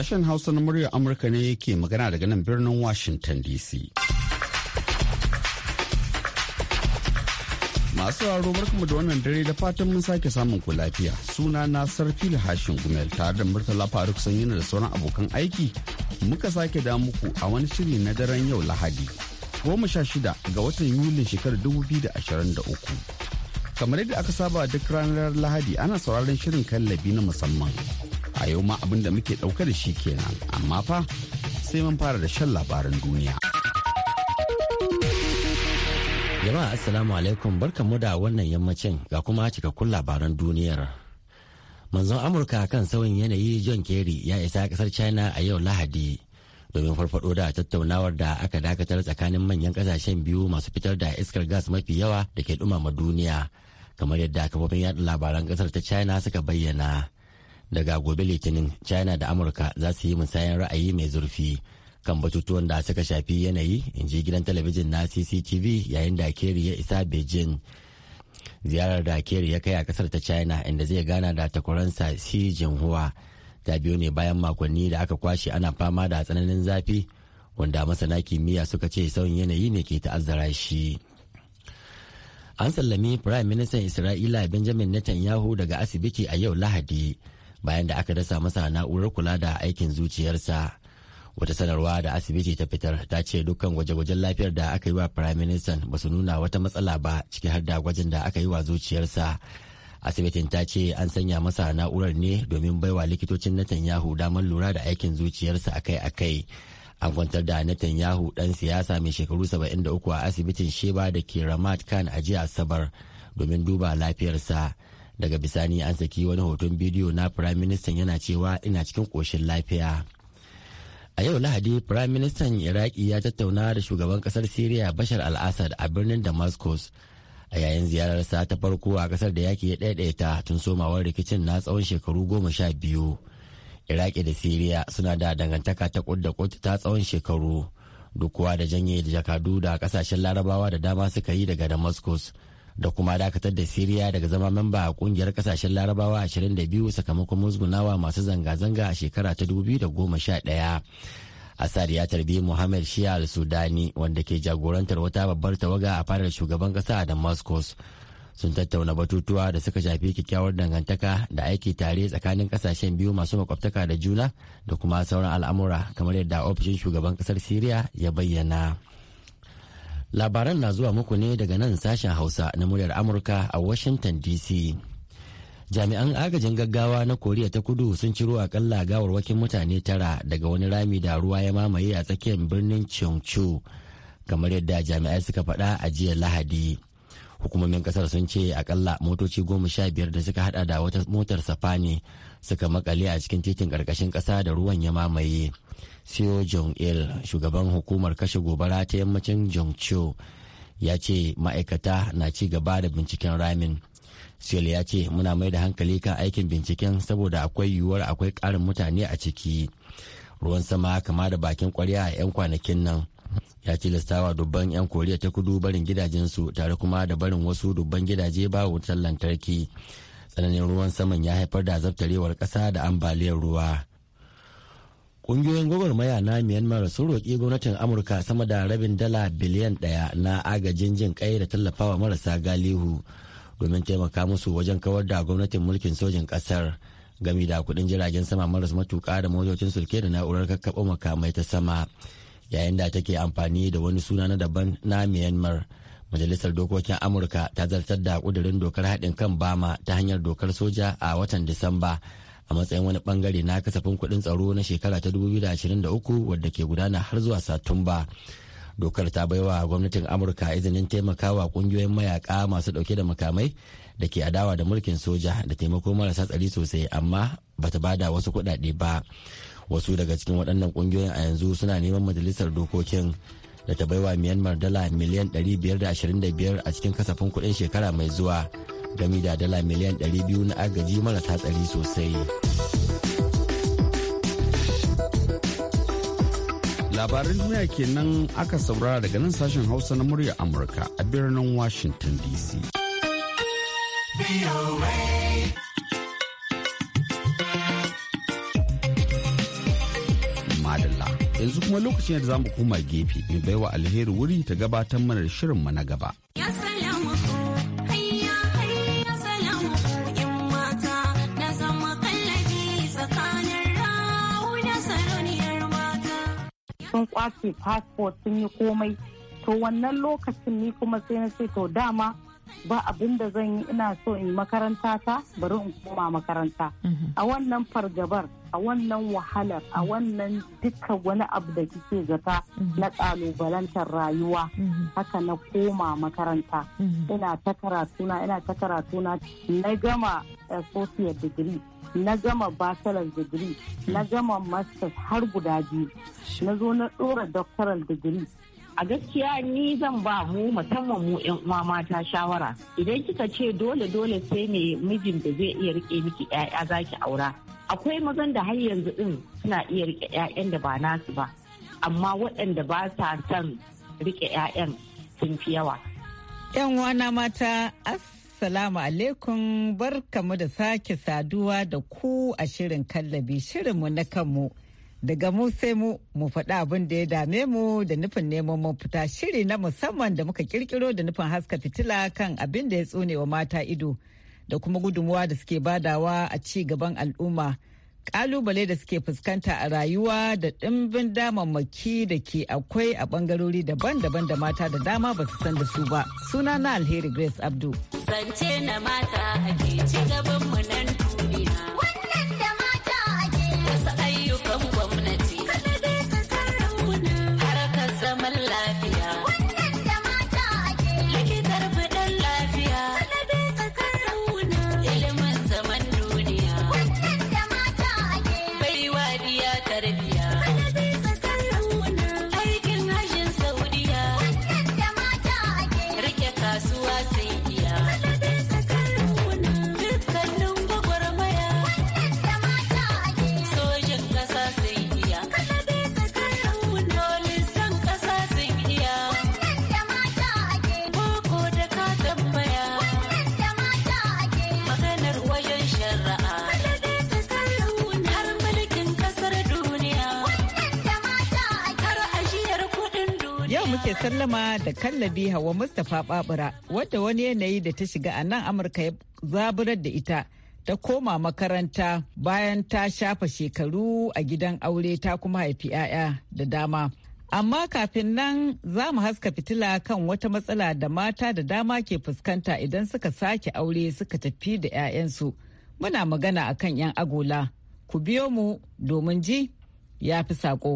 Sashen Hausa na muryar Amurka ne yake magana daga nan birnin Washington DC. Masu raro barkamu da wannan dare da fatan mun sake samun ku lafiya. Suna na Sarfil Hashin Gumel tare da Murtala Faruk Sanyina da sauran abokan aiki. Muka sake da muku a wani shiri na daren yau Lahadi. Goma sha shida ga watan Yulin shekarar 2023. kamar yadda aka saba duk ranar lahadi ana sauraron shirin kallabi na musamman a yau ma abin da muke dauka da shi kenan amma fa sai mun fara da shan labaran duniya jama'a assalamu alaikum barka mu da wannan yammacin ga kuma cikakkun labaran duniyar manzon amurka kan sauyin yanayi john kerry ya isa kasar china a yau lahadi domin farfado da tattaunawar da aka dakatar tsakanin manyan kasashen biyu masu fitar da iskar gas mafi yawa da ke dumama duniya kamar yadda kafofin yada labaran kasar ta china suka bayyana daga gobe litinin china da amurka za su yi musayan ra'ayi mai zurfi kan batutuwan da suka shafi yanayi in ji gidan talabijin na cctv yayin da keri ya isa beijing ziyarar da keri ya kai a kasar ta china inda zai gana da takwaransa xi jinhua ta biyo ne bayan makonni da aka kwashe ana fama da tsananin zafi wanda masana kimiyya suka ce sauyin yanayi ne ke ta'azzara shi an sallami firayim ministan isra'ila benjamin netanyahu daga asibiti a yau lahadi bayan da aka dasa masa na'urar kula da aikin zuciyarsa wata sanarwa da asibiti ta fitar ta ce dukkan gwaje-gwajen lafiyar da aka yi wa prime minister ba su nuna wata matsala ba ciki har da gwajin da aka yi wa zuciyarsa asibitin ta ce an sanya masa na'urar ne domin baiwa likitocin Netanyahu damar lura da aikin zuciyarsa akai-akai an kwantar da Netanyahu dan siyasa mai shekaru 73 a asibitin Sheba da ke Ramat Khan a jiya Asabar domin duba lafiyarsa. daga bisani an saki wani hoton bidiyo na firaministan yana cewa ina cikin koshin lafiya a yau lahadi firaministan iraki ya tattauna da shugaban kasar syria bashar al-assad a birnin damascus a yayin ziyararsa ta farko a kasar da yaki ya ɗaiɗaita tun somawar rikicin na tsawon shekaru goma sha biyu iraki da syria suna da dangantaka ta da kut ta tsawon shekaru duk kuwa da janye da jakadu da kasashen larabawa da dama suka yi daga damascus da kuma dakatar da siriya daga zama memba a kungiyar kasashen larabawa 22 sakamakon musgunawa masu zanga-zanga a shekara ta 2011 asad ya tarbi muhammad shia al-sudani wanda ke jagorantar wata babbar tawaga a fadar shugaban kasa a Damascus. sun tattauna batutuwa da suka shafi kyakkyawar dangantaka da aiki tare tsakanin kasashen biyu masu makwabtaka da juna da kuma sauran al'amura kamar yadda ofishin shugaban kasar siriya ya bayyana labaran na zuwa muku ne daga nan sashen hausa na muryar amurka a washington dc jami'an agajin gaggawa na koriya ta kudu sun ciro akalla gawarwakin mutane tara daga wani rami da ruwa ya mamaye a tsakiyar birnin cheongchu kamar yadda jami'ai suka faɗa a jiya lahadi hukumomin ƙasar sun ce akalla motoci goma sha biyar da suka hada da wata motar safa ne suka makale a cikin titin ƙarƙashin ƙasa da ruwan ya mamaye seo jong il shugaban hukumar kashe gobara ta yammacin jongcho ya ce ma'aikata na ci gaba da binciken ramin seo ya ce muna mai da hankali kan aikin binciken saboda akwai yiwuwar akwai ƙarin mutane a ciki ruwan sama kama da bakin kwarya a 'yan kwanakin nan ya ce tilastawa dubban 'yan koriya ta kudu barin gidajensu tare kuma da barin wasu dubban gidaje ba wutar lantarki tsananin ruwan saman ya haifar da zabtarewar ƙasa da ambaliyar ruwa ƙungiyoyin gwagwarmaya na myanmar sun roƙi gwamnatin amurka sama da rabin dala biliyan ɗaya na agajin jin ƙai da tallafawa marasa galihu domin taimaka musu wajen kawar da gwamnatin mulkin sojin ƙasar gami da kuɗin jiragen sama maras matuƙa da motocin sulke da na'urar kakkaɓo makamai ta sama yayin da take amfani da wani suna na daban na myanmar Majalisar Dokokin Amurka ta zartar da ƙudurin dokar haɗin kan Bama ta hanyar dokar soja a watan Disamba a matsayin wani bangare na kasafin kuɗin tsaro na shekara ta 2023 wadda ke gudana har zuwa Satumba. Dokar ta baiwa gwamnatin Amurka izinin taimakawa ƙungiyoyin mayaka masu ɗauke da makamai da ke adawa da mulkin soja da taimako marasa tsari sosai amma bata bada wasu kuɗaɗe ba. Wasu daga cikin waɗannan kungiyoyin a yanzu suna neman majalisar dokokin da ta baiwa myanmar dala miliyan 525 a cikin kasafin kuɗin shekara mai zuwa gami da dala miliyan 200 na agaji marasa tsari sosai labaran duniya kenan aka saurara daga nan sashen hausa na murya amurka a birnin washington dc yanzu kuma lokacin da za mu koma gefe bai baiwa alheri wuri ta gabatar mana shirin mu na gaba. sun kwace fasfot sun yi komai to wannan lokacin ni kuma sai na ce to dama ba abin da zan yi ina so in makaranta ta bari in koma makaranta mhm. a wannan fargabar a wannan wahalar a mhm. wannan duka wani abu da kike zata mhm. na kalubalantar rayuwa haka na koma makaranta ina ta karatuna ina ta karatuna na gama associate degree na gama bachelor degree na gama masters har guda biyu na zo na dora doctoral degree a gaskiya ni zan ba mu musamman mu yan uwa mata shawara idan kika ce dole dole sai ne mijin da zai iya rike miki ƴaƴa zaki aura akwai mazan da har yanzu din suna iya rike yayan da ba nasu ba amma waɗanda ba sa son rike ya'yan sun fi yawa yan uwana mata Assalamu alaikum barkamu da sake saduwa da ku a shirin kallabi mu na kanmu daga mu sai mu mu faɗa abin da ya dame mu da nufin neman mun fita. shiri na musamman da muka kirkiro da nufin haska fitila kan abin da ya tsone wa mata ido da kuma gudunmuwa da suke badawa a ci gaban al'umma kalubale da suke fuskanta a rayuwa da ɗimbin damammaki da ke akwai a bangarori daban-daban da mata da dama ba su san da su ba suna na alheri grace abdu zance na mata a ci gaban mu nan nake sallama da kallabi Hawa Mustapha Babura wadda wani yanayi da ta shiga a nan Amurka ya zaburar da ita ta koma makaranta bayan ta shafa shekaru a gidan aure ta kuma haifi 'ya'ya da dama. Amma kafin nan za mu haska fitila kan wata matsala da mata da dama ke fuskanta idan suka sake aure suka tafi da 'ya'yansu. Muna magana a kan 'yan agola. Ku biyo mu domin ji ya fi saƙo.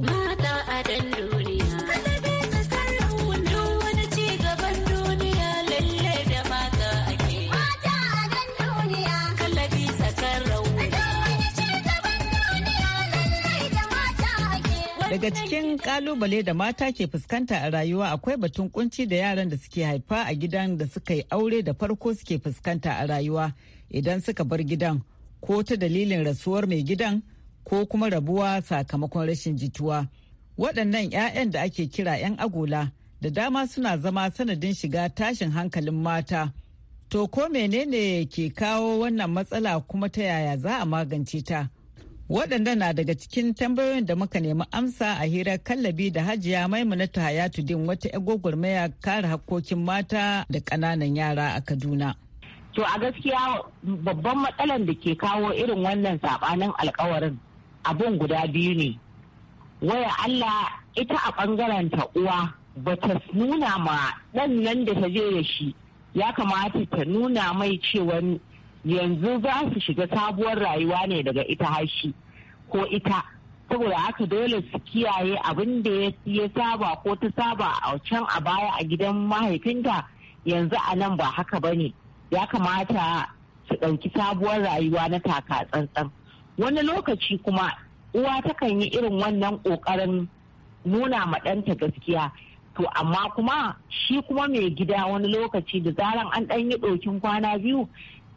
Daga cikin kalubale da mata ke fuskanta a rayuwa akwai batun kunci da yaran da suke haifa a gidan da suka yi aure da farko suke fuskanta a rayuwa idan suka bar gidan ko ta dalilin rasuwar mai gidan ko kuma rabuwa sakamakon rashin jituwa. Waɗannan 'ya'yan da ake kira 'yan agola da dama suna zama sanadin shiga tashin hankalin mata. To ko menene ke kawo wannan matsala kuma ta yaya za a magance ta? Waɗanda na daga cikin tambayoyin da muka nemi amsa a hirar kallabi da hajiya ta hayatu din wata 'yan maya kare hakkokin mata da ƙananan yara a Kaduna. To a gaskiya babban matsalar da ke kawo irin wannan saɓanin alkawarin abin guda biyu ne. Waya Allah ita a ɓangaren ta uwa ba ta nuna ma ɗan nan da ta je da shi ya kamata ta nuna mai cewa yanzu za su shiga sabuwar rayuwa ne daga ita hashi ko ita saboda haka dole su kiyaye abin da ya saba ko ta saba a can a baya a gidan mahaifinta yanzu a nan ba haka ba ne ya kamata su ɗauki sabuwar rayuwa na taka tsantsan wani lokaci kuma uwa takan yi irin wannan ƙoƙarin nuna maɗanta gaskiya to amma kuma shi kuma mai gida wani lokaci da zaran an ɗan yi ɗokin kwana biyu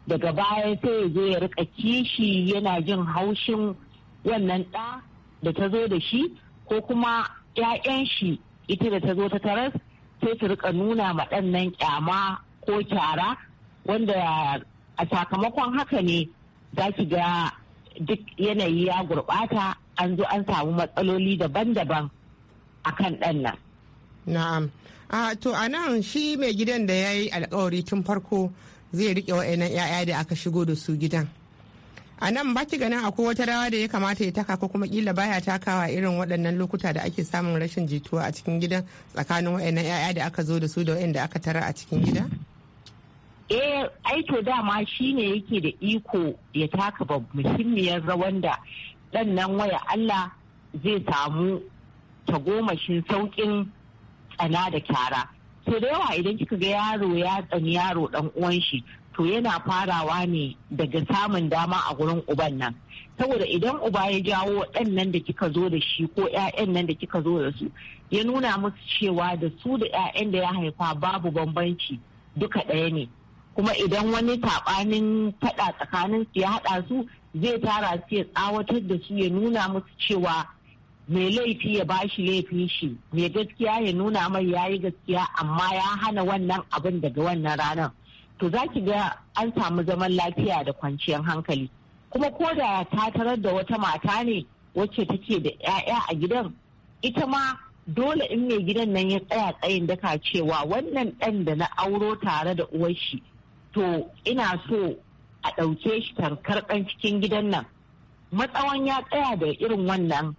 daga baya sai ya zo ya rika kishi yana jin haushin wannan ɗa da ta zo da shi ko kuma 'ya'yan shi ita da ta zo ta taras sai ta rika nuna ma ɗan nan kyama ko kyara wanda a sakamakon haka ne za ki ga duk yanayi ya gurɓata an zo an samu matsaloli daban-daban a kan ɗan nan. Na'am. A ah, to a shi mai gidan da ya yi alkawari tun farko zai rike wa'annan 'ya'ya da aka shigo da su gidan a nan ba ganin akwai wata rawa da ya kamata ya taka ko kuma kila baya takawa irin waɗannan lokuta da ake samun rashin jituwa a cikin gidan tsakanin wa'annan 'ya'ya da aka zo da su da waɗanda aka tara a cikin gida? eh aito dama shi ne yake da iko ya taka ba muhimmiyar rawan da dan nan waya Allah zai samu tagomashin sauƙin tsana da kyara to da yawa idan kika ga yaro ya tsani yaro dan uwan shi to yana farawa ne daga samun dama a gurin uban nan saboda idan uba ya jawo waɗannan da kika zo da shi ko 'ya'yan nan da kika zo da su ya nuna musu cewa da su da 'ya'yan da ya haifa babu bambanci duka ɗaya ne kuma idan wani saɓanin faɗa tsakanin su ya haɗa su zai tara su ya tsawatar da su ya nuna musu cewa mai laifi ya bashi laifin shi mai gaskiya ya nuna mai ya yi gaskiya amma ya hana wannan abin daga wannan ranar to za ki ga an samu zaman lafiya da kwanciyar hankali kuma ko da ta tarar da wata mata ne wacce take da 'ya'ya a gidan ita ma dole in mai gidan nan ya tsaya tsayin daka cewa wannan ɗan da na auro tare da uwar shi to ina so a ɗauke shi karkar cikin gidan nan matsawan ya tsaya da irin wannan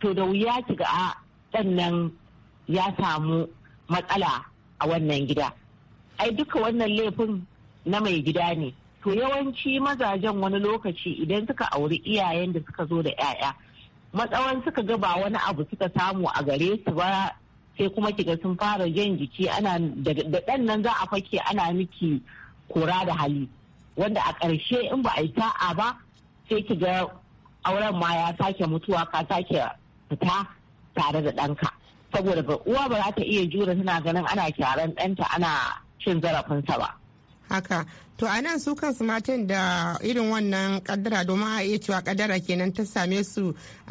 to da wuya ki ga a ɗan ya samu matsala a wannan gida ai duka wannan laifin na mai gida ne to yawanci mazajen wani lokaci idan suka auri iyayen da suka zo da 'ya'ya matsawan suka ga ba wani abu suka samu a gare su ba sai kuma kiga sun fara jan jiki da ɗan nan za a fake ana miki kura da hali wanda a ƙarshe in ba a yi ta'a ba sai kiga auren ma ya sake mutuwa ka sake fita tare da ɗanka saboda ba uwa ba za ta iya jure tana ganin ana kyaran ɗanta ana cin zarafinsa ba. Haka to a nan su kansu matan da irin wannan kaddara domin a iya cewa kadara kenan ta same su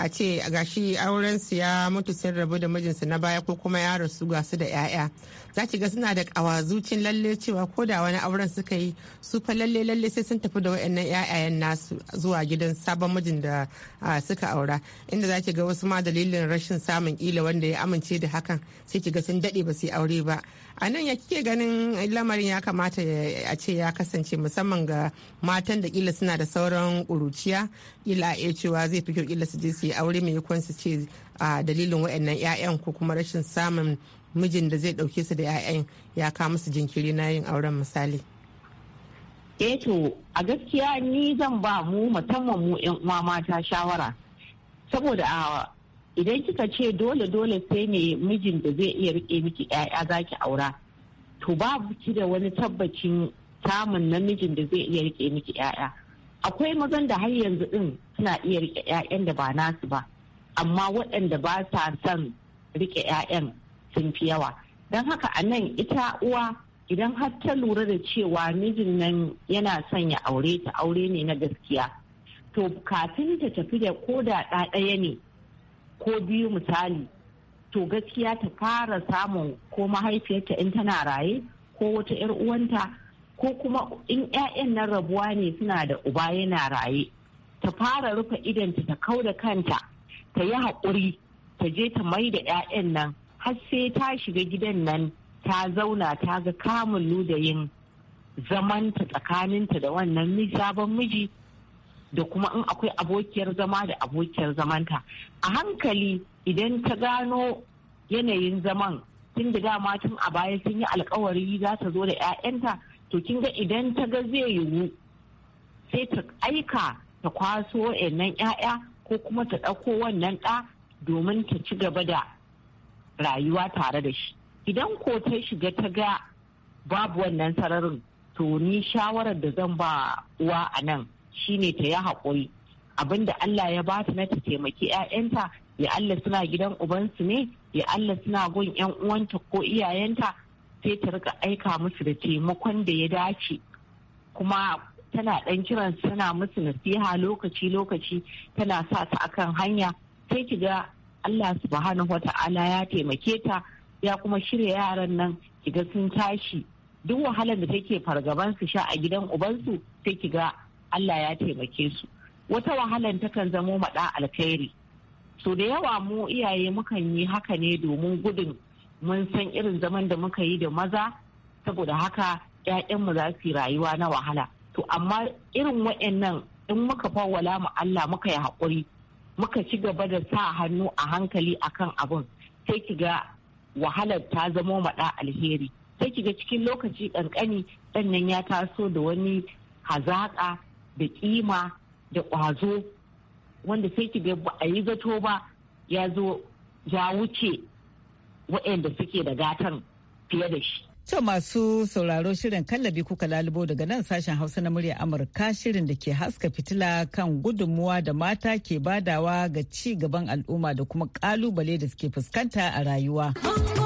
a ce gashi auren su ya mutu sun rabu da mijinsu na baya ko kuma ya rasu ga su da 'ya'ya za ki ga suna da kawazucin lalle cewa ko da wani auren suka yi su fa lalle lalle sai sun tafi da wayannan 'ya'yayen nasu zuwa gidan sabon mijin da suka aura inda za ki ga wasu ma dalilin rashin samun kila wanda ya amince da hakan sai ki ga sun dade ba su yi aure ba a nan ya kike ganin lamarin ya kamata a ce ya kasa. kasance musamman ga matan da kila suna da sauran ƙuruciya ila a cewa zai fi kyau kila su je su yi aure mai kwan su ce a dalilin waɗannan 'ya'yan ko kuma rashin samun mijin da zai ɗauke su da 'ya'yan ya kawo musu jinkiri na yin auren misali. eto eh a gaskiya ni zan ba mu musamman mu yan uwa mata shawara saboda a idan kika ce dole dole sai ne mijin da zai iya rike miki yaya zaki aura to babu ki da wani tabbacin samun namijin da zai iya rike miki 'ya'ya akwai mazan da har yanzu din suna iya rike 'ya'yan da ba nasu ba amma waɗanda ba sa son rike 'ya'yan sun fi yawa don haka a nan ita uwa idan har ta lura da cewa mijin nan yana son ya aure ta aure ne na gaskiya to kafin ta tafi da ko da ɗaya ne ko biyu misali to gaskiya ta fara samun ko mahaifiyarta in tana raye ko wata 'yar uwanta ko kuma in 'ya'yan nan rabuwa ne suna da uba yana raye ta fara rufe idanta ta kau da kanta ta yi haƙuri ta je ta mai da 'ya'yan nan har sai ta shiga gidan nan ta zauna ta ga kamun ludayin zamanta tsakaninta da wannan sabon miji da kuma in akwai abokiyar zama da abokiyar zamanta a hankali idan ta gano yanayin zaman tun da dama tun a baya sun yi alkawari za ta zo da 'ya'yanta to kin ga idan ta ga zai yiwu sai ta aika ta kwaso wa'annan 'ya'ya ko kuma ta ɗauko wannan ɗa domin ta ci gaba da rayuwa tare da shi idan ko ta shiga ta ga babu wannan sararin to ni shawarar da zan ba uwa a nan shine ta yi haƙuri abinda Allah ya bata na ta taimaki 'ya'yanta ya Allah suna gidan ubansu ne ya Allah suna gun 'yan uwanta ko iyayenta sai ta rika aika musu da taimakon da ya dace kuma tana ɗan kiran tana musu nasiha lokaci-lokaci tana sa ta akan hanya sai ki ga Allah subhanahu wa ta'ala ya taimake ta ya kuma shirya yaran nan kiga sun tashi duk wahalar da take fargaban su sha a gidan ubansu sai kiga Allah ya taimake su wata wahalar takan zamo maɗa alkhairi so da yawa mu iyaye mukan yi haka ne domin gudun mun san irin zaman da muka yi da maza saboda haka mu za su yi rayuwa na wahala to amma irin wa'annan in muka fawwala mu Allah muka yi haƙuri muka ci gaba da sa hannu a hankali akan abun. sai ki ga wahalar ta zamo maɗa alheri sai ki ga cikin lokaci ƙanƙani ɗannan ya taso da wani hazaƙa da ƙima da ƙwazo wanda sai ki ga ba a yi zato ba ya zo ya wuce waɗanda suke da gatar fiye da shi. To masu sauraro shirin kallabi kuka lalubo daga nan sashen Hausa na murya Amurka shirin da ke haska fitila kan gudunmuwa da mata ke badawa ga ci gaban al'umma da kuma kalubale da suke fuskanta a rayuwa.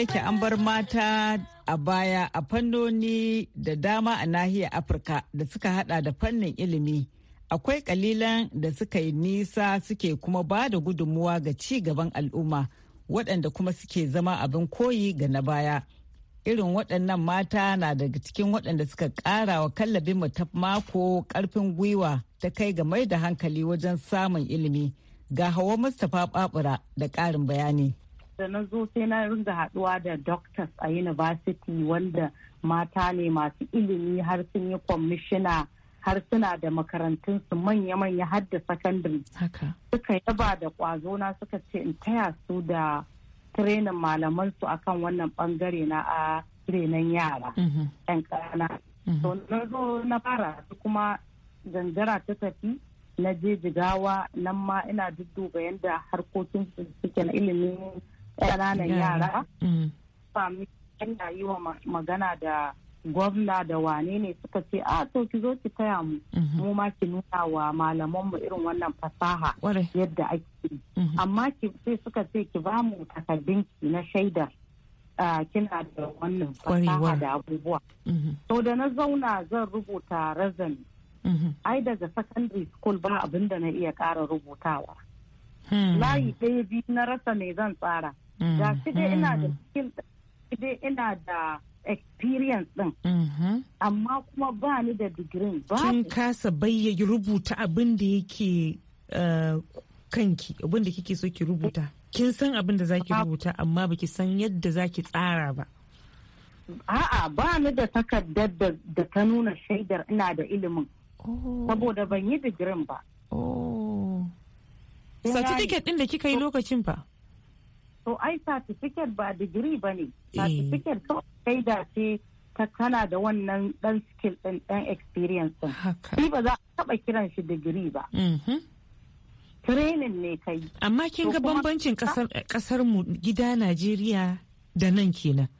yake an bar mata a baya a fannoni da dama a nahiyar Afirka da suka hada da fannin ilimi. Akwai kalilan da suka yi nisa suke kuma ba da gudunmuwa ga ci gaban al'umma waɗanda kuma suke zama abin koyi ga na baya. Irin waɗannan mata na daga cikin waɗanda suka ƙara wa kallabin mu ta mako ƙarfin gwiwa ta kai ga mai da hankali wajen samun ilimi. Ga hawa Mustapha Babura da ƙarin bayani. da na zo sai na ringa haduwa da doctors a university wanda mata ne masu ilimi har sun yi kwamishina har suna da makarantunsu manya-manya har da secondary suka yaba da kwazo na suka ce in taya su da malaman malamansu akan wannan bangare na a renan yara mhm. yan kana mhm. to na zo na fara su kuma gangara ta tafi na je jigawa nan ma ina dudduba yadda harkokin suke na ilimin ƙananan yara mm. sami yana yi wa magana da gwamna da wane ne suka ce a to ki zo ki taya mu mm-hmm. mu ma ki nuna wa malaman mu irin wannan fasaha yadda ake mm-hmm. amma ki sai suka ce ki ba mu takardun ki na shaida kina da wannan fasaha da abubuwa mm-hmm. to da na zauna zan rubuta razani ai daga secondary school ba abin da na iya ƙara rubutawa hmm. layi ɗaya biyu na rasa me zan tsara Mm-hmm. Mm-hmm. ga shi dai ina da skill dai ina da experience din mm-hmm. amma kuma ba ni da degree. ba kin kasa bayyana rubuta abin da yake eh, kanki abin da kike so ki rubuta kin san abin da zaki rubuta amma baki san yadda zaki tsara ba a'a ba ni da takardar da ta nuna shaidar ina da ilimin oh. saboda ban yi digirin ba oh. certificate din da kika yi lokacin fa to ai certificate ba digiri ba ne eh. certificate to kai da ce ta kana da wannan dan skill din dan experience din shi ba za a taba kiran shi digiri ba mhm. training ne kai amma kin ga bambancin kasar mu gida Najeriya da nan kenan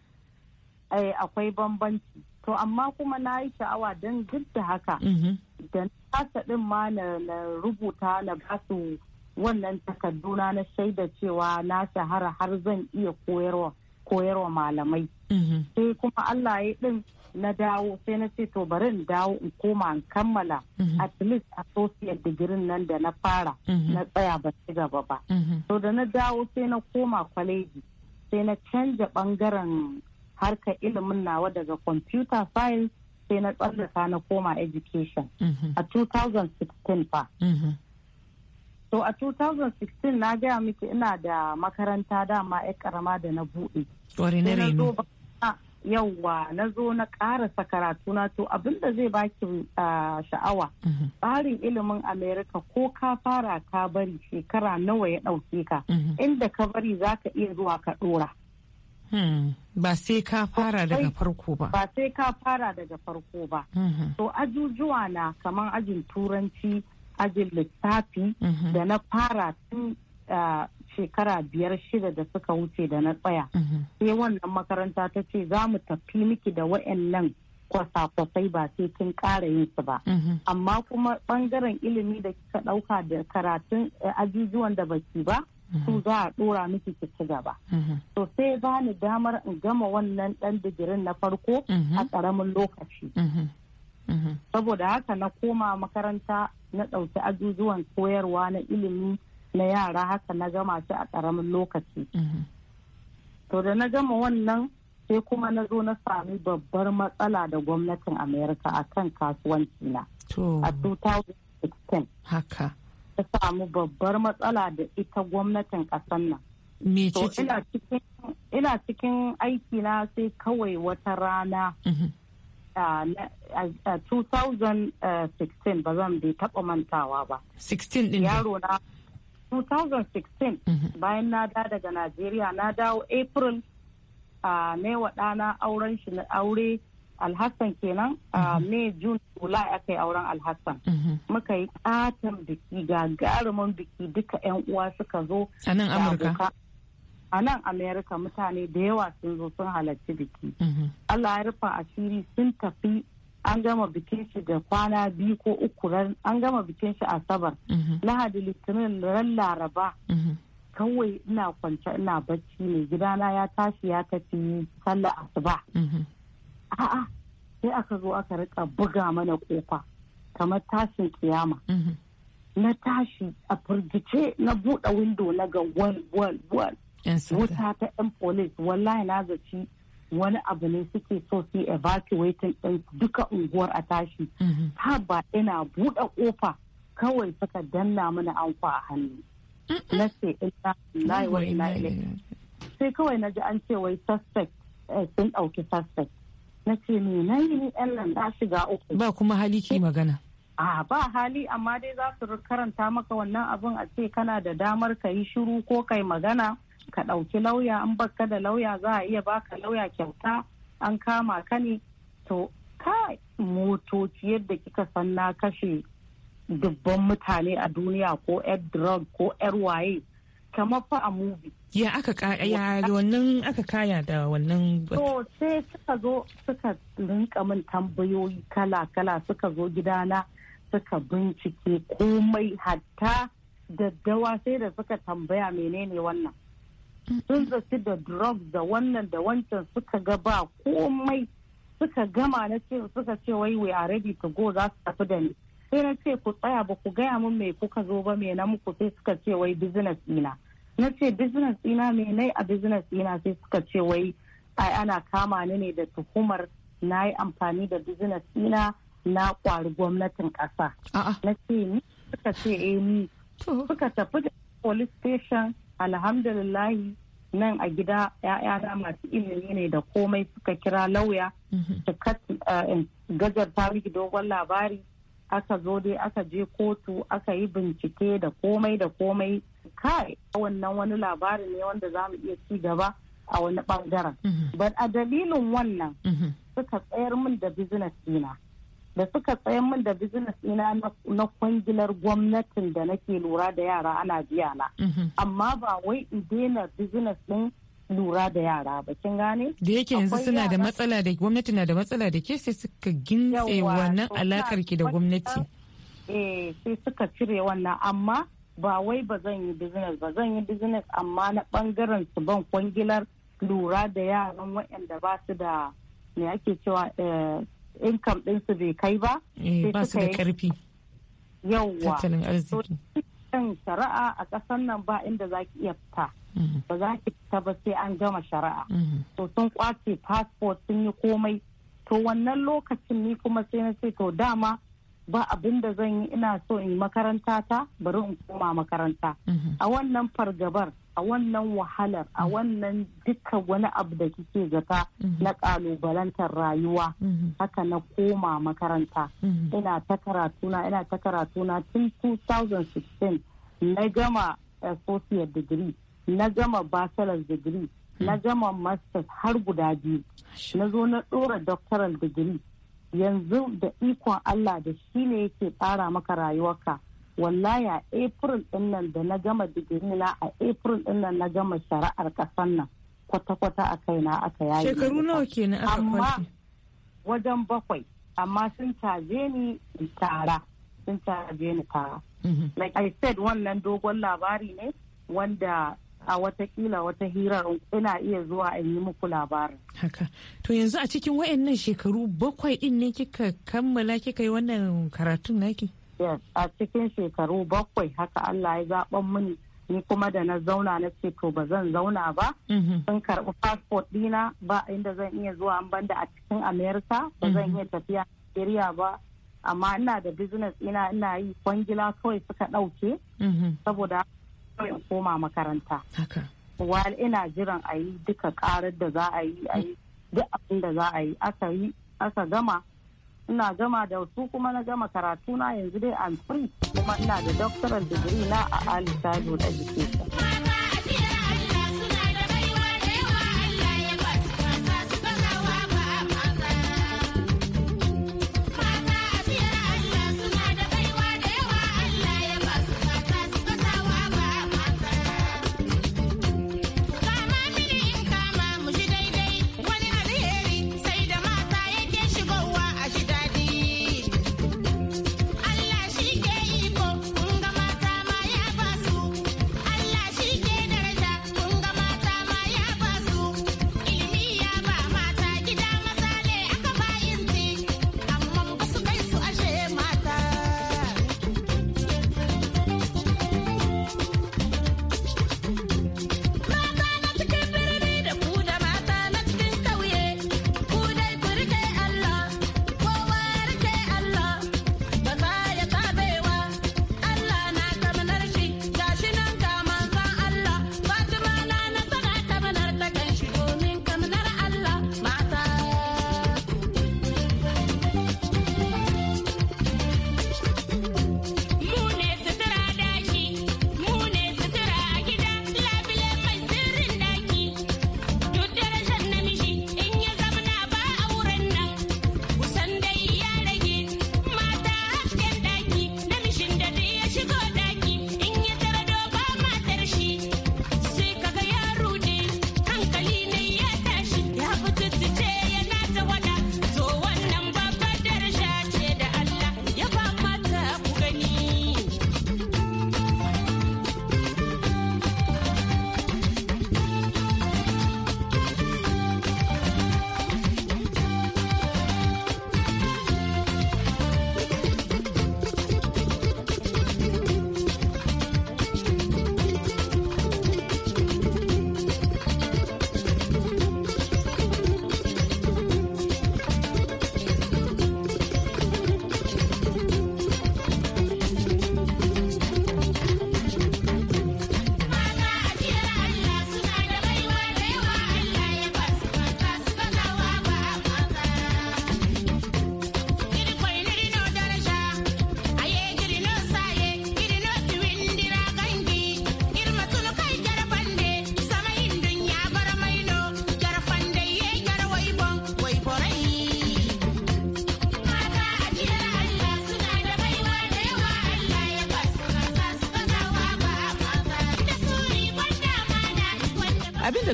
eh, akwai bambanci to amma kuma na yi sha'awa don duk da haka mhm. da nasa din ma na rubuta na basu wannan takarduna na shaida cewa na shahara har zan iya koyarwa malamai mhm. sai kuma Allah ya din na dawo sai na ce to bari in dawo in koma in kammala mhm. at least associate degree nan da na fara mhm. na tsaya ba ci gaba ba to da na dawo sai na koma kwaleji sai na canja bangaren harkar ilimin nawa daga computer science sai na tsallaka na koma education a 2016 fa So a 2016 na gaya miki ina da makaranta dama ya karama da na buɗe. Wari na reno. na zo na ƙarasa karatu na to da zai baki sha'awa. Mhm. Tsarin ilimin Amerika ko ka fara ka bari shekara nawa ya ɗauke ka. Mhm. Inda ka bari za ka iya zuwa ka ɗora. Hmm, ba sai ka fara daga farko ba. Ba sai ka fara daga farko ba. Mhm. To ajujuwa na kamar ajin turanci. ajin littafi mhm. da na fara tun shekara biyar shida da suka wuce da na tsaya mhm. sai wannan makaranta ta ce za mu tafi miki da wa'annan kwasa-kwasai ba sai kin ƙara yin su ba mhm. amma kuma ɓangaren ilimi da kika ɗauka da karatun ajijuwan da baki ba su za a ɗora miki ki ci gaba to sai ba ni damar in gama wannan ɗan digirin na farko a ƙaramin lokaci Mm-hmm. saboda haka na koma makaranta na ɗauki ajujuwan koyarwa na ilimi na yara haka na gama shi a ƙaramin lokaci mm-hmm. to da na gama wannan sai kuma na zo na sami babbar matsala da gwamnatin amerika a kan kasuwanci na a 2016 haka ta samu babbar matsala da ita gwamnatin ƙasar nan ina cikin aiki na sai kawai wata rana mm-hmm. a 2016 ba zan bai taɓa mantawa ba. 16 din Yaro na 2016 bayan na da daga Najeriya na dawo April a ne wa ɗana auren shi na aure Alhassan kenan a mhm. May June July aka yi auren Alhassan. Mhm. Muka yi ƙaton biki gagarumin biki duka 'yan uwa suka zo. A nan Amurka. a nan america mutane da yawa sun zo sun halarci biki mhm. allah ya rufa asiri sun tafi an gama bikin shi da kwana biyu ko uku an gama bikin shi asabar mhm. lahadi litinin ran laraba mhm. kawai ina kwance ina bacci ne gidana ya tashi ya tafi sallah asuba a'a sai aka zo aka rika buga mana kofa kamar tashin kiyama na tashi a firgice na buɗe windo na ga wal wal wal wuta ta yan police wallahi na zaci wani abu ne suke so su evacuating din duka unguwar a tashi ta mhm. ba ina buɗe kofa kawai suka danna mana kwa a hannu na ce ina layi wa ina sai kawai na ji an ce wai suspect eh, sun ɗauki suspect na ce ne na yi ni yan nan na shiga uku ba kuma hali ki eh, magana a ba hali amma dai za su karanta maka wannan abin a ce kana da damar ka yi shiru ko kai magana ka ɗauki lauya an baka da lauya za a iya baka lauya kyauta an kama ka ne to ka motoci yadda kika san na kashe dubban mutane a duniya ko air drug ko yar waye kamar fa a movie ya aka kaya wannan aka kaya da wannan to sai suka zo suka rinka min tambayoyi kala kala suka zo gidana suka bincike komai hatta daddawa sai da suka tambaya menene wannan sun zaci da drugs da wannan da wancan suka ga ba komai suka gama na ce suka ce wai we are ready to go za su tafi da ni sai na ce ku tsaya ba ku gaya min me kuka zo ba me na muku sai suka ce wai business ina na ce business ina me nai a business ina sai suka ce wai ai ana kama ni ne da tuhumar na yi amfani da business ina na kwari gwamnatin kasa na ce ni suka ce eh ni suka tafi da police station alhamdulillahi nan a gida ‘ya'yana masu ilimi ne da komai suka kira lauya mhm. eh, gajar ta dogon labari aka zo dai aka je kotu aka yi bincike da komai da komai kai wannan wani labari ne wanda za mu iya ci gaba a wani bangaren. Mhm. But a dalilin wannan mhm. suka tsayar min da business dina. da suka tsayan min da business ina na kwangilar gwamnatin da nake lura da yara ana biya na mhm. amma ba wai in daina business din lura da yara ba kin gane da yake yanzu suna da matsala da gwamnati na da matsala da ke sai suka gintse wannan alakar ki da gwamnati eh sai suka cire wannan amma ba wai ba zan yi business ba zan yi business amma na bangaren su ban kwangilar lura da yaran waɗanda ba su da me ake cewa eh, income ɗinsu bai kai ba. Eh, ba su da ƙarfi. Yawwa. Tattalin arziki. kan shari'a a ƙasar nan ba inda za ki iya fita. Mhm. Ba za ki fita ba sai an gama shari'a. Mhm. To sun kwace passport sun yi komai. To wannan lokacin ni kuma sai na ce to dama ba abin da zan yi ina so in makaranta ta bari in koma makaranta mhm. a wannan fargabar a wannan wahalar a mhm. wannan duka wani abu da kike zata mhm. na kalubalantar rayuwa haka na koma makaranta ina ta karatuna ina ta karatuna tun 2016 na gama associate degree na gama bachelor's degree na gama masters har guda biyu na zo na dora doctoral degree yanzu da ikon Allah da shi ne yake tsara maka rayuwarka wallahi a april din nan da na gama digiri na a april din nan na gama shari'ar kasan nan kwata-kwata a kaina aka yayi shekaru nawa kenan aka amma wajen bakwai amma sun caje ni tara sun caje ni tara mhm. like i said wannan dogon labari ne wanda a watakila wata hirar ina iya zuwa in yi muku labarin. Haka. To yanzu a cikin nan shekaru bakwai din ne kika kammala kika yi wannan karatun naki? Yes, a cikin shekaru bakwai haka Allah ya zaɓan mini ni kuma da na zauna na ce to ba zan zauna ba. Sun mm-hmm. karɓi fasfot ɗina ba inda zan iya zuwa an banda a cikin Amerika ba zan mm-hmm. iya tafiya Nigeria ba. Amma ina da business ina ina yi kwangila kawai suka ɗauke. Mm-hmm. Saboda kawai in koma makaranta wal ina jiran a yi duka karar da za a yi a yi duk abin da za a yi aka yi aka gama ina gama da su kuma na gama karatu na yanzu dai I'm free kuma ina da doctoral degree na a Ali Sado Education.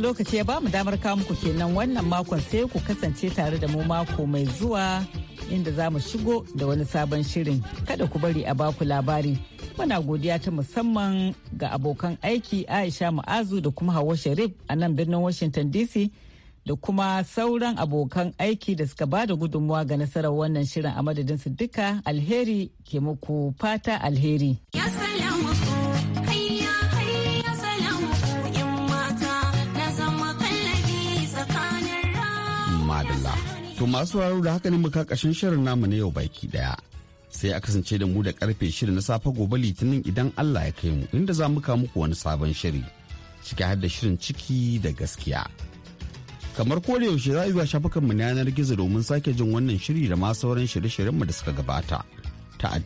da lokaci ya bamu damar kawo muku kenan wannan makon sai ku kasance tare da mu mako mai zuwa inda za mu shigo da wani sabon shirin kada ku bari a baku labari muna godiya ta musamman ga abokan aiki aisha ma'azu da kuma hawa sharif a nan birnin washington dc da kuma sauran abokan aiki da suka ba da gudunmuwa ga nasarar wannan shirin a madadinsu duka alheri ke muku fata alheri. To masu sauraro da haka ne muka kashin shirin namu na yau baki daya. Sai a kasance da mu da karfe shirin na safe gobe litinin idan Allah ya kai mu inda za mu kawo muku wani sabon shiri. Ciki har da shirin ciki da gaskiya. Kamar ko da yaushe za a yi shafukan mu na yanar gizo domin sake jin wannan shiri da ma sauran shirye mu da suka gabata. Ta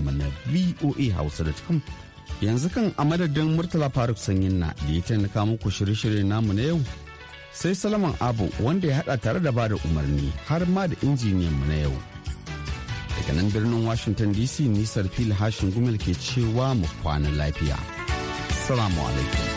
mu na hausa da voahausa.com yanzu kan a madadin murtala faruk sanyin na da ya taimaka muku shirye shiryen namu na yau sai salaman abu wanda ya hada tare da bada umarni har ma da injiniyan mu na yau daga nan birnin washington dc nisar fil hashin gumel ke cewa mu kwana lafiya salamu alaikum